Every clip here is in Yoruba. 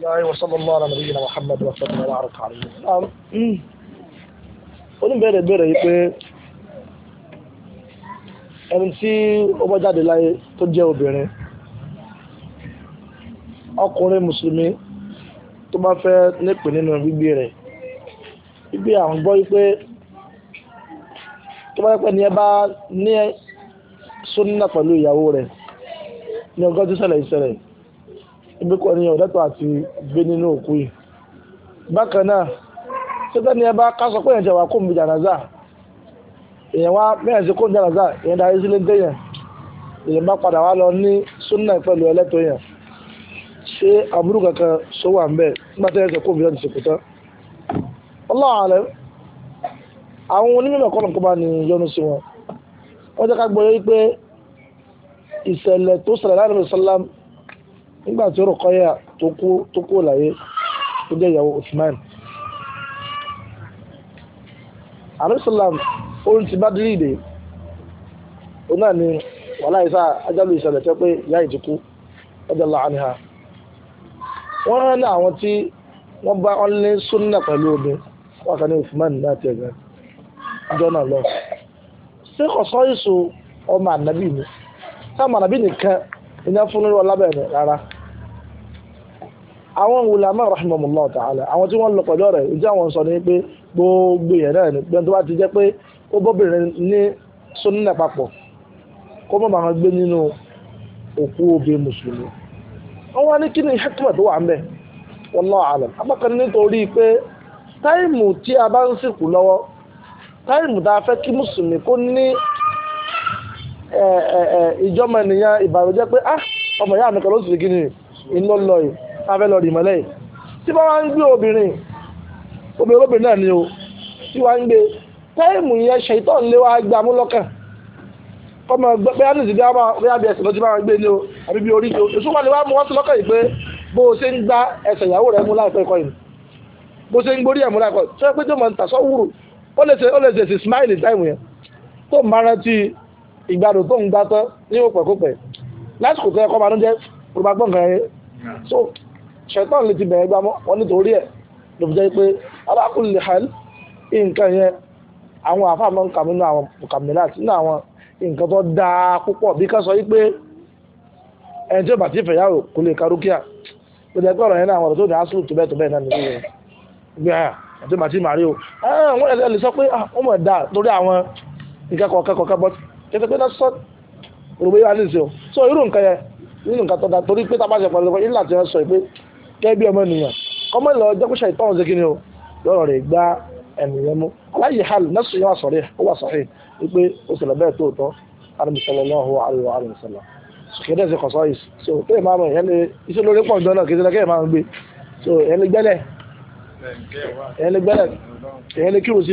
láyé wasallu allah ala nabiyina muhammad wa sallam ala arka alayhi salam um, hmm. oníbẹ̀rẹ̀ bẹ̀rẹ̀ yìí pé ẹni tí ó bá jáde láyé tó jẹ́ obìnrin ọkùnrin mùsùlùmí tó bá fẹ́ nípe nínú gbígbé rẹ̀ gbígbé àwọn gbọ́ wípé tó bá yẹ pé ni ẹ bá ní súnà pẹ̀lú ìyàwó rẹ̀ ní ọgọ́jú ṣẹlẹ̀ ìṣẹ̀lẹ̀ yìí ibi ní ọ̀dọ́tọ̀ àti gbé nínú òkú yìí bákan náà sọ́tẹ́ ni ẹ bá ká sọ pé èèyàn ti wà kóńbi jàǹdà èèyàn wá bẹ́ẹ̀ sí kóńbi jàǹdà èèyàn darí sílé déyàn èèyàn bá padà wá lọ ní súnà pẹ̀lú ẹlẹ́tọ̀ yẹn ṣé àbúrò kankan sọ wà ń bẹ̀ nígbà tó yẹ kó kóńbi jàǹdà ti kú tán Allahu alam àwọn onímọ̀ kọ́nà kó bá ní yọnu sí wọn wọ́n jẹ́ ká gbọ́ yẹ́ pé ìṣẹ̀lẹ̀ tó ṣẹlẹ̀ láàrin nígbà tí Rùkọ́yà tó kú láyé tó jẹ́ ìyàwó Usman àrísàlám orin ti Bádírì dé òun náà ni wàhálà ìsá ajálù ìṣẹ̀lẹ̀ tẹ́ pé ìyá ìjìkú ọjọ́ láàánú ha wọ́n rán ní àwọn tí wọ́n bá wọn ní súnà pẹ̀lú omi wọ́n kàn ní Usman náà tiẹ̀ gan ọjọ́ náà lọ ṣé kọ̀sọ́ ìṣù ọmọ ànábì ni sáà ànábì nìkan ìyá fún lórí rárá. àwọn ulama rahimahumullah ta'ala àwọn tí wọ́n lọ pẹ̀lú ọ̀rẹ́ ìjọ àwọn sọ ni pé gbogbo yẹn náà ni gbẹ́ntọ́ bá ti jẹ́ pé ó bóbìnrin ní sunna papọ̀ kó mọ̀ máa gbé nínú òkú obì mùsùlùmí wọ́n wá ní kí ni hekima tó wà ń bẹ̀ wallahu alam apákan nítorí pé táìmù tí a bá ń sìnkú lọ́wọ́ táìmù tá a fẹ́ kí mùsùlùmí kó ní ìjọ́mọ ènìyàn ìbàrújẹ́ pé ah, ọmọ ìyá mi kan ló sì kí ni abẹ́ lọ rì mọ́lẹ̀ yìí tí wọ́n wá ń gbé obìnrin obìnrin obìnrin náà ni o tí wọ́n ń gbé táìmù yẹn ṣètò ńlé wa gbé amúlọ́kàn kọ́mọ bẹ́ẹ̀ ní ìdílé àwọn bẹ́ẹ̀ bí ẹsẹ̀ lọ́jọ́ máa gbé ni o àbí bí orí ni o èso wà ní wàá mú wọ́n sí lọ́kàn yìí pé bó o ṣe ń gbá ẹsẹ̀ ìyàwó rẹ mú láìpẹ́ kọ́ yìí bó o ṣe ń gborí ẹ̀ mú láìpẹ́ tó yẹ pé tó máa ń tàṣọ wúrò ó lè ṣe ó lè ṣe sí smile time yẹn tó ń bára ti ìgbàdùn tó ń gbá tán ní òpẹ̀kópẹ̀ lásìkò tó yẹ kọ́ máa ń jẹ́ òrùbá gbọ̀ngàn yẹn ṣẹ̀tàn lè ti bẹ̀rẹ̀ gbá mọ́ wọn nítorí ẹ̀ ló fi jẹ́ pé alákùnrin lè hàn nǹkan yẹn àwọn àfáà máa ń kà mí nínú àwọn kàmílà àti nínú àwọn nǹkan tó dáa púpọ̀ bí ká sọ wípé ẹni tí ó bá ti fẹ́ yàwó kò lè ka rúkìá ló jẹ́ pé ọ̀rọ̀ yẹn náà àwọn ọ̀rọ̀ tó ní asúlù tó bẹ́ẹ̀ tó bẹ́ẹ̀ náà nìyí rẹ̀ gbé ẹ̀ ah, ẹni tí ó bá ti máa rí o ah, wọ́n ẹ̀ lè sọ pé ah, wọ́n mọ̀ dáa torí àwọn so nǹkan yẹn irú nǹkan gẹ́gẹ́ ọmọ ènìyàn kọ́mọ́ lọ jẹ́ kóṣà ìtọ́hún ṣe kíni o lọ́rọ̀ rẹ̀ gba ẹ̀mí rẹ̀ mú aláyè hàl nẹ́sùn yẹn wà sọ̀rọ̀ ó wà sọ̀rọ̀ wípé ó ṣẹlẹ̀ bẹ́ẹ̀ tó tọ́ alùmùsọ̀lọ́hù alùmùsọ̀lọ́ sùkẹ́dẹ̀ ṣe kọ̀sọ́ yìí so kéèyàn máa mọ̀ ìyẹn lè iṣẹ́ lórí pọ̀ jọ náà kì kéèyàn máa gbé so ìyẹn lè gbẹ́lẹ̀ ìyẹn lè gbẹ́lẹ̀ ìyẹn lè kírun sí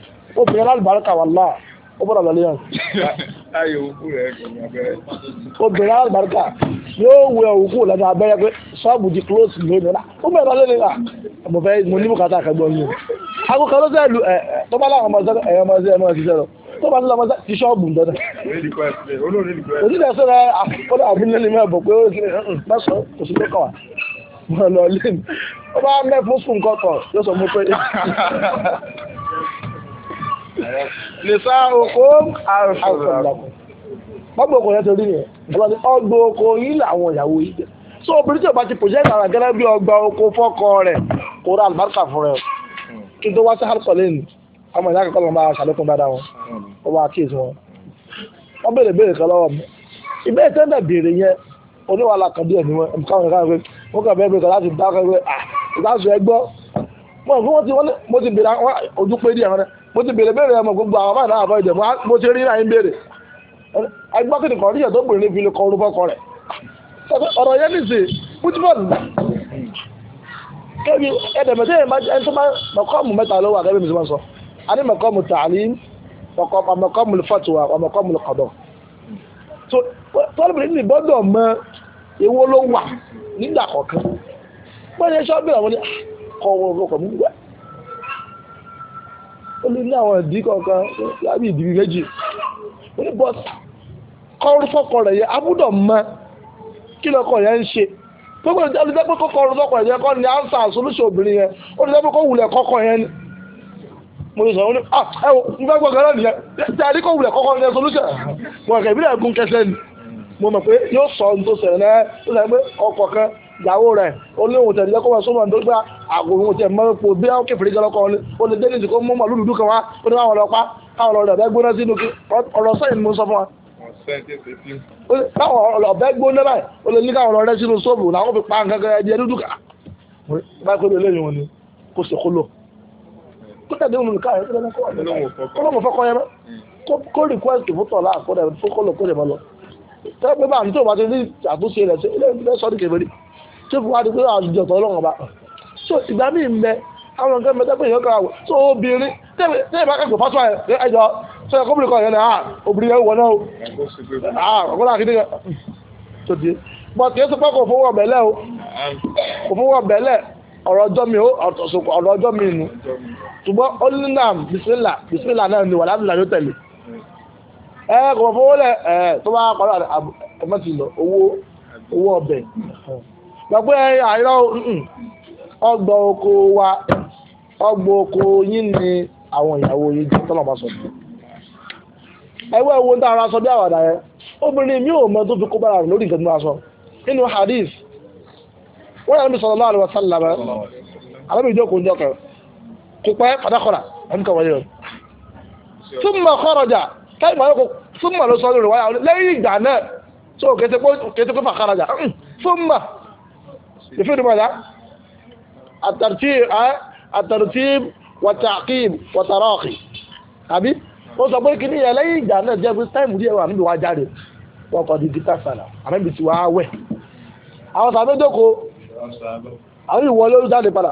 obìnrin alálùbáríkà wà láà ó bọ̀dọ̀ lọ léyàn. ayé òkú rẹ̀ kò ní abẹ́rẹ́. obìnrin alálùbáríkà yóò wẹ òkú lẹ́nu abẹ́rẹ́ pé ṣọ́ọ̀bù di close lónìí náà ah, ó bẹ̀rẹ̀ lọ́lẹ́ nígbà ah. mo fẹ́ mo ní bùkátà akẹgbẹ́ mi. aago kan ló sẹ́ lu ẹ tó bá láwọn ọmọ ẹ̀yọ́ ọmọ ẹ̀yọ́ ọmọ ṣiṣẹ́ lọ tó bá lọ́mọ ti ṣọ́ọ̀bù ń dọ́dọ̀. òtítọ́ sọ̀rọ̀ àkọ́dọ̀ àbúlé ni mẹ́bọ̀ pé ó ṣe mẹ́sàn-án mm, mm, kò sí lókàn wá mo lọ lé mi ó bá mẹ́fún sùn kọ́kọ́ yóò sọ mo pé nìfà oko àrùsọ̀lọ́kọ̀ ọgbọ oko yẹn torí yẹn ọlọ́ni ọgbọ oko yìí làwọn ìyàwó yìí jẹ so obìnrin tí o bá ti project ara gẹ́gẹ́ bí ọgbà oko fọ́kọ rẹ̀ kó rà àlùbáríkà fún rẹ̀ kí n tó wá sí àrùsọ̀ lẹ́nu ọmọ ìyá kọ́kọ́ lọ́n bá ṣàlékún dáadáa wọn ó bá kíyèsí wọn wọ́n béèrè béèrè kan lọ́wọ́ mi ìbéèrè tẹ́lẹ̀ béèrè yẹn oníwàlà kan díẹ̀ ni wọn káwọn nǹkan rẹ wọn kàn bẹ́ẹ̀ bẹ́ẹ̀ kan láti dá kan rẹ ah ìbáṣọ ẹ gbọ́ mo ti béèrè mo ti béèrè ya ọmọ gbogbo àwọn báyìí náà àbọ̀jẹ̀ mo ti rí láyé béèrè agbákejì kan níṣẹ́ tó gbèrè níbi ilé kan orúkọ ọkọ rẹ̀ ọ̀rọ̀ yẹn nìṣe pútùpọ̀ nìgbà kẹ́bi ẹ̀dẹ̀mẹ̀tẹ́ edemede tó bá mọ̀kọ́mù mẹ́ta ló wà kẹ́bi mi ti máa sọ mọ̀kọ́mù tààlím mọ̀kọ́mù fatuwa mọ̀kọ́mù kọ̀dọ̀ tọ́lùbìnrin ní gbọ́dọ̀ mọ ó lè ní àwọn ìdí kankan lábí ìdí méjì ó ní bọ́t kọ́rọ́ fọ́kọ rẹ̀ yẹ abúdọ̀ mọ kí lọ́kọ yẹn ń ṣe gbogbo ìdí olùdẹ́ pé kọ́kọ́ ọ̀rọ̀ fọ́kọ yẹn kọ́ ni ansa solution obìnrin yẹn olùdẹ́ pé kó wulẹ̀ kọ́kọ́ yẹn ni mo sọ wọn ni ah ẹ wo n fẹ́ gbọ́ gẹ́rẹ́ nìyẹn tí a ní kó wulẹ̀ kọ́kọ́ yẹn solution mo kẹ́ ìbílẹ̀ gún kẹsẹ́ ni mo mọ̀ pé yóò sọ ohun tó ṣẹlẹ̀ náà ó sọ ìyàwó rẹ̀ olóhùn tẹ̀lé kó wọn súnmọ́ nítorí pé àgòhùn tẹ̀ mọ́ epo bí ó kẹfìrí gan lọ́kọ̀ ó lè dénìsì kó mọ́ màlúù dúdú kan wá ó ní káwọn ọlọ́pàá káwọn ọlọ́dọ̀ ọ̀bẹ gbóná sínú ọ̀rọ̀ sẹ́yìn ni mo sọ fún wa. káwọn ọlọ́bẹ gbóná báyìí ó lè ní káwọn ọlọ́dẹ sínú sóòbù làwọn fi pa nǹkan kan ẹdí ẹdúdú kan. báyìí kó lè léyìn wọn ni kó sì kó lò kó request fún tọ́lá àkọ́dẹ̀ fún kó tó fi wá di pé àjọ tọ́ lọ́wọ́ bá so ìgbà míì ń bẹ àwọn nǹkan mẹ́ta pé ìyọ́kà wò so obìnrin tẹ́lẹ̀ bá kẹ́kọ̀ọ́ fásitì ẹ̀ ẹ̀jọ̀ sọ yẹ kọ́bìnrin kan yẹn náà ah, obìnrin yẹn wọ̀ náà o ah, ọ̀gbọ́n àkíndé yẹn tó di bọ́ọ̀tì yẹn sọ kò fowó ọ̀bẹ̀lẹ̀ o kò fowó ọ̀bẹ̀lẹ̀ ọ̀rọ̀ ọjọ́ mi ọ̀rọ̀ ọjọ́ mi nù ṣùgbọ́n ó ní náà bisimilà bisimilà náà ni wàhálà ńlá ló tẹ̀lé ẹ kò fowó lẹ̀ ẹ tó bá parí ẹ gbàgbé àìrọ ọgbà oko wa oko yín ni àwọn ìyàwó yìí jẹ tọ́lọ̀ bá sọ bí. ẹwọ́ ẹ̀wọ̀n tá a ra sọ bí àwàdà yẹn obìnrin mi ò mọ tó fi kó bára rẹ̀ lórí nǹkan tó nínú hadith wọ́n yàrá mi sọ̀rọ̀ lọ́wọ́ àlùwà sálà bẹ́ẹ̀ àlọ́ mi jókòó kò pẹ́ ẹ̀mí kan o. kọ́rọ̀jà ló sọ lórí wáyà lẹ́yìn ìgbà náà tó kété يفيد ماذا الترتيب الترتيب والتعقيب والتراخي àbí ó sọ pé kíní yẹn lẹ́yìn ìgbà náà jẹ́ pé táìmù díẹ̀ wà níbi wá jáde wọ́n kọ́ di gítà sàlà àmẹ́bí ti wá wẹ̀ àwọn sàmé jókòó àwọn ìwọlé ó jáde padà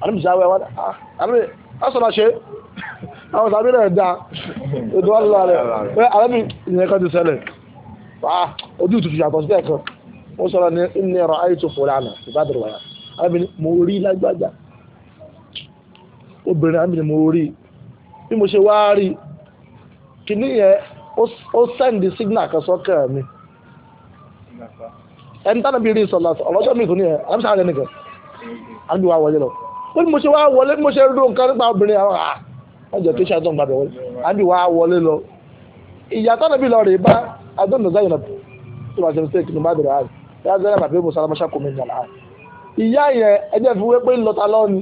àmẹ́bí ti wá wẹ̀ wádà ah, àmẹ́bí ọ̀sọ̀rọ̀ ṣe àwọn sàmé náà dá ètò wà lọ́la rẹ̀ pé àmẹ́bí ìyẹn kan ti ṣẹlẹ̀ ah, ojú ìtùtù yàtọ̀ sí ẹ̀kan ó sọ̀rọ̀ ní ní ọ̀rọ̀ àìtò fòlànà ìbádọ̀rọ̀ wáyà arábìnrin mo rí lágbájá obìnrin arábìnrin mo rí bí mo ṣe wá rí kìíní yẹn ó sẹ́ndì sígínà kan sọ́kàn mi ẹni tánà bí rí sọ̀lá ọlọ́jọ́ mi tún ní ẹ̀ àbísà rẹ̀ nìkan àbí wàá wọlé lọ ó ní mo ṣe wá wọlé ah, lọ lágbára bàbá ìmọ̀ sára mọ́ṣákò mi jàlá ìyá yẹn ẹjẹ́ fi wé pé ńlọta lọ ni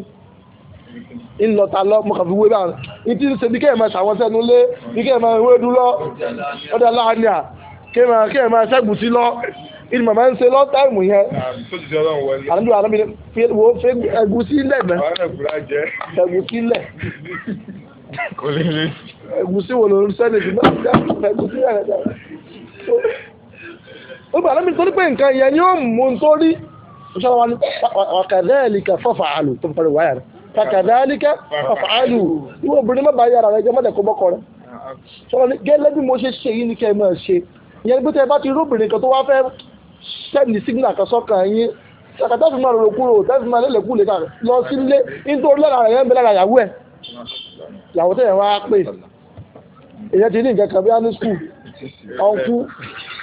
ńlọta lọ mo kàn fi wé báyìí ní tí ń ṣe bí kéèyàn máa ṣàwọn sẹ́nu lé bí kéèyàn máa wé dúró ọ̀dà láàánú à kéèyàn máa lọ ìdí màmá ń ṣe lọ́ọ́ táìmù yẹn. àdúgbò àdúgbò wo ẹ̀gúsí lẹ̀ mẹ́ ẹ̀gúsí lẹ̀ ẹ̀gúsí wo ló ń sẹ́ni ó gbà lọ́mí torí pé nǹkan ìyẹn ni ó mú torí ìṣọ́ra wa ni wàkàdẹ́ẹ̀lìkà fọ́fà àlù tó parí wáyà rẹ̀ kàkàdẹ́ẹ̀lìkà fọ́fà àlù obìnrin má bàa yára rẹ jẹ mọ́tẹ̀ bọ́kọ rẹ sọ̀rọ̀ ni gẹ́lẹ́ bí mo ṣe ṣe yìí ni kẹ́ ẹ máa ṣe ìyẹn bí tẹ́ bá ti róbìnrin kan tó wá fẹ́ sẹ́ni sígínà kan sọ́kàn yín sàkàtà fi máa rò kúrò tẹ́sí máa lélẹ̀kú lè kà lọ sí ilé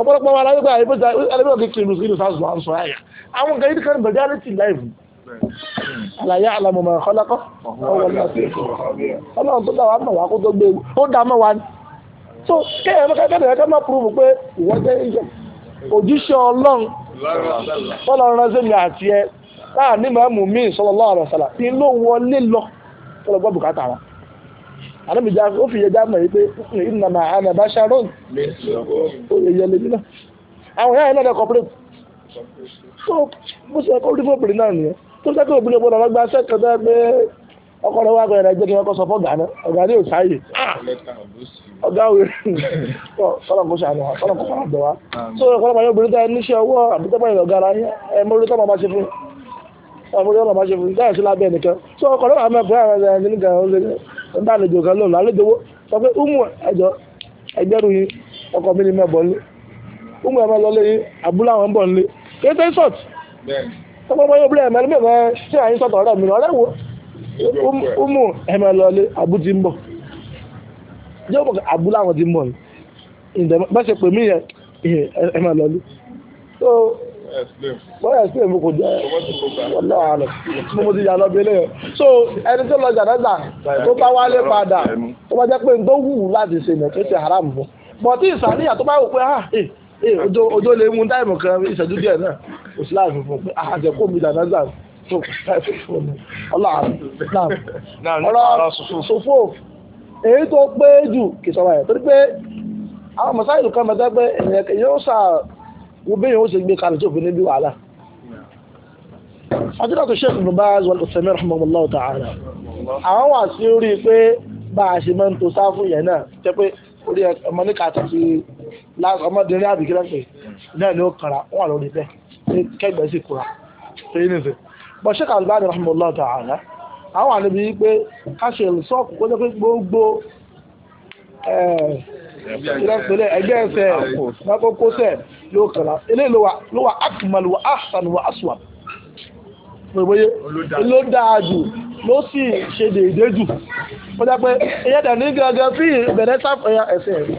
ọ̀pọ̀lọpọ̀ wa lágbègbè àyẹ̀bẹ̀ta ẹlẹ́bẹ̀rẹ̀ kékeré ìlú ìlú sáàsù à ń sọ àyà àwọn kan yìí kan bẹ̀rẹ̀ reality life àlàyé àlàmọ̀mọ̀ ọ̀kọ́lákọ́ ọlọ́run tó dáwà mọ̀ wá kó tó gbé ó dá mọ́ wa ni so kéèyàn mọ́ kẹ́kẹ́ bẹ̀rẹ̀ ká má prove pé ìwọ jẹ́ iṣẹ́ òjíṣẹ́ ọlọ́run ọlọ́run ránṣẹ́ mi àti ẹ láàrin màmú mi sallallahu alaihi wasallam ti ló wọlé lọ tọ́lọ gbọ́ bùkátà wọn àdébìjà ó fi yẹjá mọ̀ yìí pé ìnàmà ànàbà sharon ó yẹ yẹlẹ nínú àwọn ìyá yẹn náà dẹ́kọ̀pẹ́rẹ́ tó bó ṣe kó rí fóbìnrin náà nìyẹn tó ń sẹ́kọ̀ọ́ obìnrin gbọ́dọ̀ lọ́gbà sẹ́kọ̀ọ́ tó ẹgbẹ́ ọkọ rẹ wá gbọ́dọ̀ ẹgbẹ́ kí wọ́n kọ́ sọ fọ́gà náà ọ̀gá ní òsáyè ah! ọ̀gá òwe kọ́lọ̀ kó ṣàánú wa kọ́lọ̀ kó fara bẹ̀ wá tó ẹ̀kọ́ lọ́mọ yóò obìnrin tó ẹni ṣe ọwọ́ àbítẹ́pọ̀ ìlọ̀gá ara ẹ̀ mórí tọ́mọ bá ṣe fún ọmọdé ọmọ ń bá àlejò kan lónìí àlejò wo sọ pé umu ẹjọ ẹgbẹ̀rún yìí ọkọ mi ni mẹ́bọ̀ nílé umu ẹ̀ máa lọ lé abúlé àwọn ń nílé kí ẹ tẹ́ sọ̀tù tọ́pọ̀ bọ́ yóò bílẹ̀ ṣé àyín sọ̀tọ̀ ọ̀rẹ́ mi wo umu lọ lé abu ti ń abúlé wọ́n explain mo kò jẹ́ ọ̀nà àlọ́ tí mo ti yà so ẹni tó lọ jàdáza tó bá wálé padà tó bá jẹ́ pé tó wù láti ṣe nà tó ṣe haram fún bọ̀ tí ìsàníyà tó bá wò pé ah ee eh, eh, ojo lè mú táìmù kan ìṣẹ́jú díẹ̀ náà kò sí láàfin fún pé ah mi tó fún mi èyí tó pé jù torí pé àwọn wo على جوف النبي وعلى هذا kalẹ̀ tí òfin níbi wàhálà. àdúrà tó Sheikh Ibn Baz wal Uthaymin rahimahullah ta'ala àwọn wà sí orí pé bá a ṣe máa ń to sáfù yẹn náà jẹ́ pé orí ọmọ ní kàtà ti ọmọdéní àbíkílẹ̀ pé náà ni ó kara wọ́n wà lórí bẹ́ẹ̀ kẹgbẹ́ sì kura pé ní ìfẹ́ bọ́ Sheikh Albani rahimahullah ta'ala àwọn àlebi yìí pé ká ṣe ìsọ́ọ̀kù kó jẹ́ pé gbogbo ẹ̀ẹ́dẹ́gbẹ̀lẹ̀ ẹgbẹ́ ẹsẹ̀ lọ́kọ́kọ́sẹ̀ ló kàlà eléyìí ló wa ahsan wa aswab pẹ̀lúbóyé ló dáa jù ló sì ṣe déédéé jù ó jẹ́ pé ìyẹn dẹ̀ ní gangan fi bẹ̀rẹ̀ sáfù ẹ̀yà ẹ̀sìn ẹ̀rí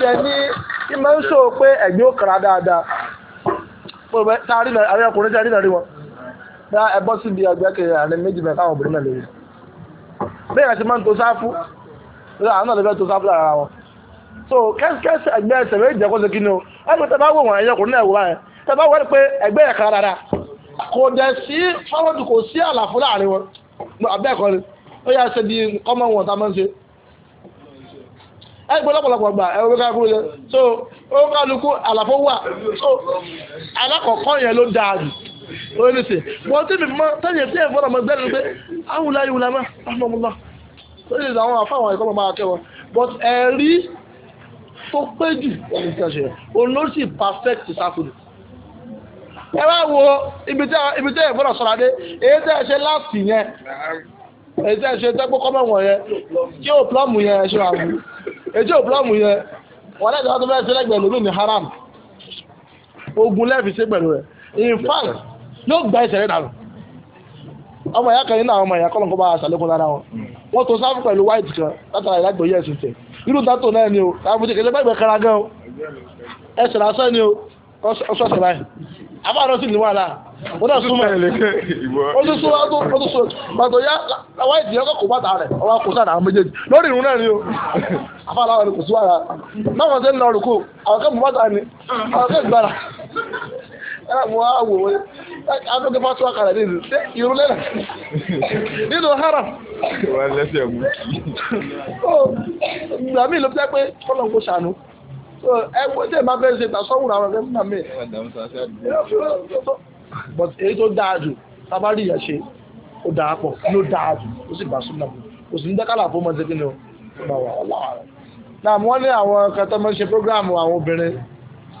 dẹ̀ ní ìmọ̀ ń sọ pé ẹ̀gbẹ́ ó dáadáa pẹ̀lúbẹ́ tá a rí náà rí náà rí wọn bá máa ń to sáfù so kẹ́sìkẹ́sì ẹgbẹ́ ẹsẹ̀ méjì jẹ́ kó ṣe kí ni o ẹgbẹ́ tẹ bá wò wọ́n ẹ̀yẹ ọkùnrin náà wò báyẹn tẹ bá wọ́n pé ẹgbẹ́ ẹ̀ka rárá kò dẹ̀ sí fọlọ́dù kò sí àlàfo láàrin wọn abẹ́ ẹ̀kọ́ ni ó yà ṣe di kọ́mọ wọn tá a máa ń ṣe. ẹgbẹ́ lọ́pọ̀lọpọ̀ gbà ẹ̀rọ ká kúrò yẹn so ó kálukú àlàfo wà so alákọ̀ọ́kọ́ yẹn ló dáa jù lórí ní sè wọ́n tí mi mọ́ tẹ́yìn tí ẹ̀fọ́ náà mọ́ gbẹ́rù pé áwùlá yìí wùlá mọ́ àmọ́ mọ́ lọ. ó sì àwọn àfáwọn ẹ̀kọ́ but ẹ̀rí tó pé jù ẹni tí wọ́n ṣe olóṣì perfect sáfùdù ẹ bá wo ibi tẹ́ ẹ̀ gbọ́dọ̀ sọ̀rọ̀ adé èyí tẹ́ ẹ ṣe láti yẹn èyí tẹ́ ẹ ṣe tẹ́ kókó mẹ́wọ̀n yẹn tí ò plọ́mù yẹn ẹ ṣe wà wù èyí tí ò plọ́mù yẹn wọ́n lẹ́yìn tí wọ́n tó fẹ́ẹ́ ṣe lẹ́gbẹ̀ẹ́ lómi ní haram ogun lẹ́ẹ̀fi ṣe pẹ̀lú rẹ̀ in fact yóò gba ìṣẹ̀lẹ̀ dànù ọmọ ìyá kan yìí náà ọmọ ìyá kọ́lọ́ńkọ́ bá aṣàlékún lára wọ́n tó sáfù pẹ̀lú white kan látara ìdágbòye ẹ̀sìn tẹ̀ irú tátò náà ni o àbújá kẹsẹ̀ pẹ̀lú ìkẹrẹ gan o ẹsẹ̀ lásán ni o ọsọ ọsẹ báyìí àbáàrọ sí ni wàhálà ó náà súnmọ́ ó tún súnmọ́ ó tún súnmọ́ pàtó yá àwọn ìdí ọkọ kò bàtà rẹ ọwọ́ kò sáà àwọn méjèèjì lórí ìrún náà ni o àbáàrọ àwọn kò sí wàhálà báwọn ṣe ń lọ àwọn kẹ́kọ̀ọ́ bàtà ni àwọn kẹ́kọ̀ọ́ gbára ẹ̀rọ àwòrán wọ́n lẹ́sẹ̀ mú kí. ìgbà míì ló fi jẹ́ pé fọlọ́n kò ṣàánú ẹ wọ́n tẹ̀ máa fẹ́ ṣe ìtàsọ́wùrọ̀ àwọn ọ̀rẹ́ fúnra mi. but èyí tó dáa jù tábàárì yẹn ṣe ó dáa pọ̀ ló dáa jù ó sì gbà súnmọ́ kò sì ní dákàlà fún ọmọ ṣẹ́kí ni ó bá wà láàárọ̀. náà wọ́n ní àwọn kan tó máa ń ṣe prógráàmù àwọn obìnrin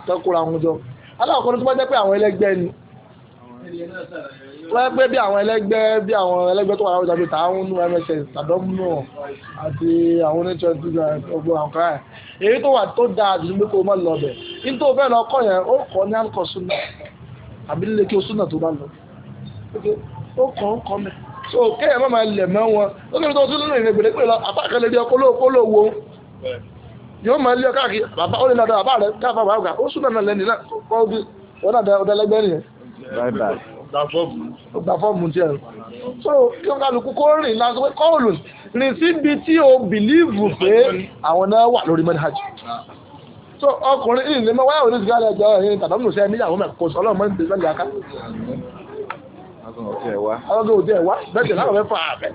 tó kóra wọn jọ aláwọ̀ kan tó bá jẹ́ pé àwọn ẹlẹ́gbẹ́ ni wọ́n pẹ́ bí àwọn ẹlẹ́gbẹ́ bí àwọn ẹlẹ́gbẹ́ tó wà láwùjọ bíi tààwọn mss tàdọ́mùnù àti àwọn oníṣẹ́ ìtura ọgbọ́n àǹkárá ẹ̀ èyí tó wà tó dáa jù pé kó má lọ bẹ̀ ní tó fẹ́ lọ kọ́ yẹn ó kọ́ ní alukọ̀ súnà àbí lílé kí o súnà tó bá lọ ó kọ́ ó kọ́ mẹ́ so kéèyàn má máa lẹ̀ mọ́ wọn lókè tó tún nínú ìrìnàgbèrè pé lọ apá kan lè di ọkọ lóòkó gba fọ́ọ̀mù tí ẹ̀ so kí wọ́n kálukú kó rìn náà sọ pé kọ́ọ̀lù rìn síbi tí o bìlíìfù pé àwọn náà wà lórí manhaj so ọkùnrin ìlú lè mọ wáyà òní sìgá lẹjọ ẹ̀yìn tàbí ọmọ sẹni ìyàwó mẹ́kọ sọ Ọlọ́run máa ń tẹsán lẹ́yìn aká. ọlọ́dún òde bẹ́ẹ̀ tẹ̀lé àwọn mẹ́fà àbẹ̀.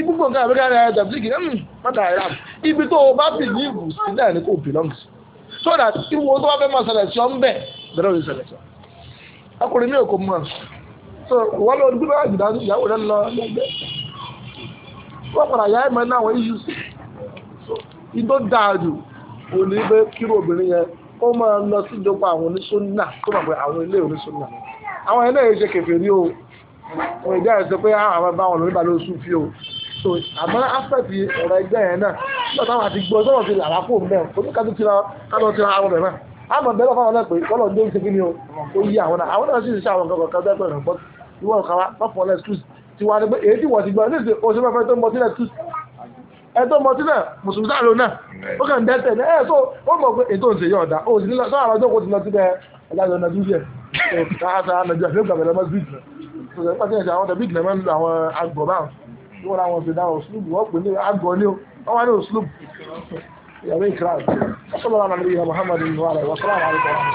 ibùgbọ̀n kan àbíkárẹ̀ hmm, ibi tó o bá bìlíìfù sí náà ni kò bìlọ́ǹgì sí so that irú owó tó bá fẹ́ máa ṣẹlẹ̀ sí ọ ń bẹ̀ bẹ̀rẹ̀ òye ṣẹlẹ̀ sí ọ. ọkùnrin mi ò kò mọ̀ so wọ́n lọ gbé bá jìdá ìyàwó rẹ̀ lọ lẹ́gbẹ́ wọ́n padà yá ẹ̀mọ́ náà wọ́n yíyú sí i tó dáa jù ò ní bẹ́ kíró obìnrin yẹn kó máa lọ sí ìjọpọ̀ àwọn oníṣúná tó máa pẹ́ àwọn ilé oníṣúná àwọn ilé yẹn ṣe kẹfẹ́ rí o òun ìdí àìsàn pé ah, àwọn àbábá so àmọ́ aspect ọ̀rọ̀ ẹgbẹ́ yẹn náà nígbà táwọn àti gbọ́ sọ́wọ́n ti làrá kó mẹ́ oníkàtú tira kátó tira àwọn bẹ̀rẹ̀ náà àmọ̀ bẹ́ẹ̀ lọ́fà wọn náà pé kọ́lọ̀ ní oṣù kí ni o ó yí àwọn náà àwọn náà sì ṣe àwọn nǹkan kan tẹ́pẹ̀ rẹ̀ bọ́t ìwọ ọ̀kan wa lọ́fọ̀ ọ̀lẹ́ excuse ti wá ní pé èyí tí wọ́n ti gbọ́ ní ìsìn oṣù mẹ́fẹ́ tó ń mọtí náà excuse ẹ tó ń mọtí náà mùsùlùmí sáà ló náà ó kàn dẹ́tẹ̀ ní ẹ̀ tó ó mọ̀ pé ètò ìṣèyí ọ̀dà ó sì ní sọ́wọ́ àwọn ọjọ́ kò ti lọ síbẹ̀ ẹ̀dá ìjọ nàìjíríà káàkiri nàìjíríà fún ìgbàgbẹ́ lọ́mọ́ bíìtì tí wọ́n ra wọn ṣe dá òṣùlùbù wọ́n pè ní àgọ́ ní o wọ́n wá ní òṣùlùbù ìyàwó ìkìlá ọ̀sán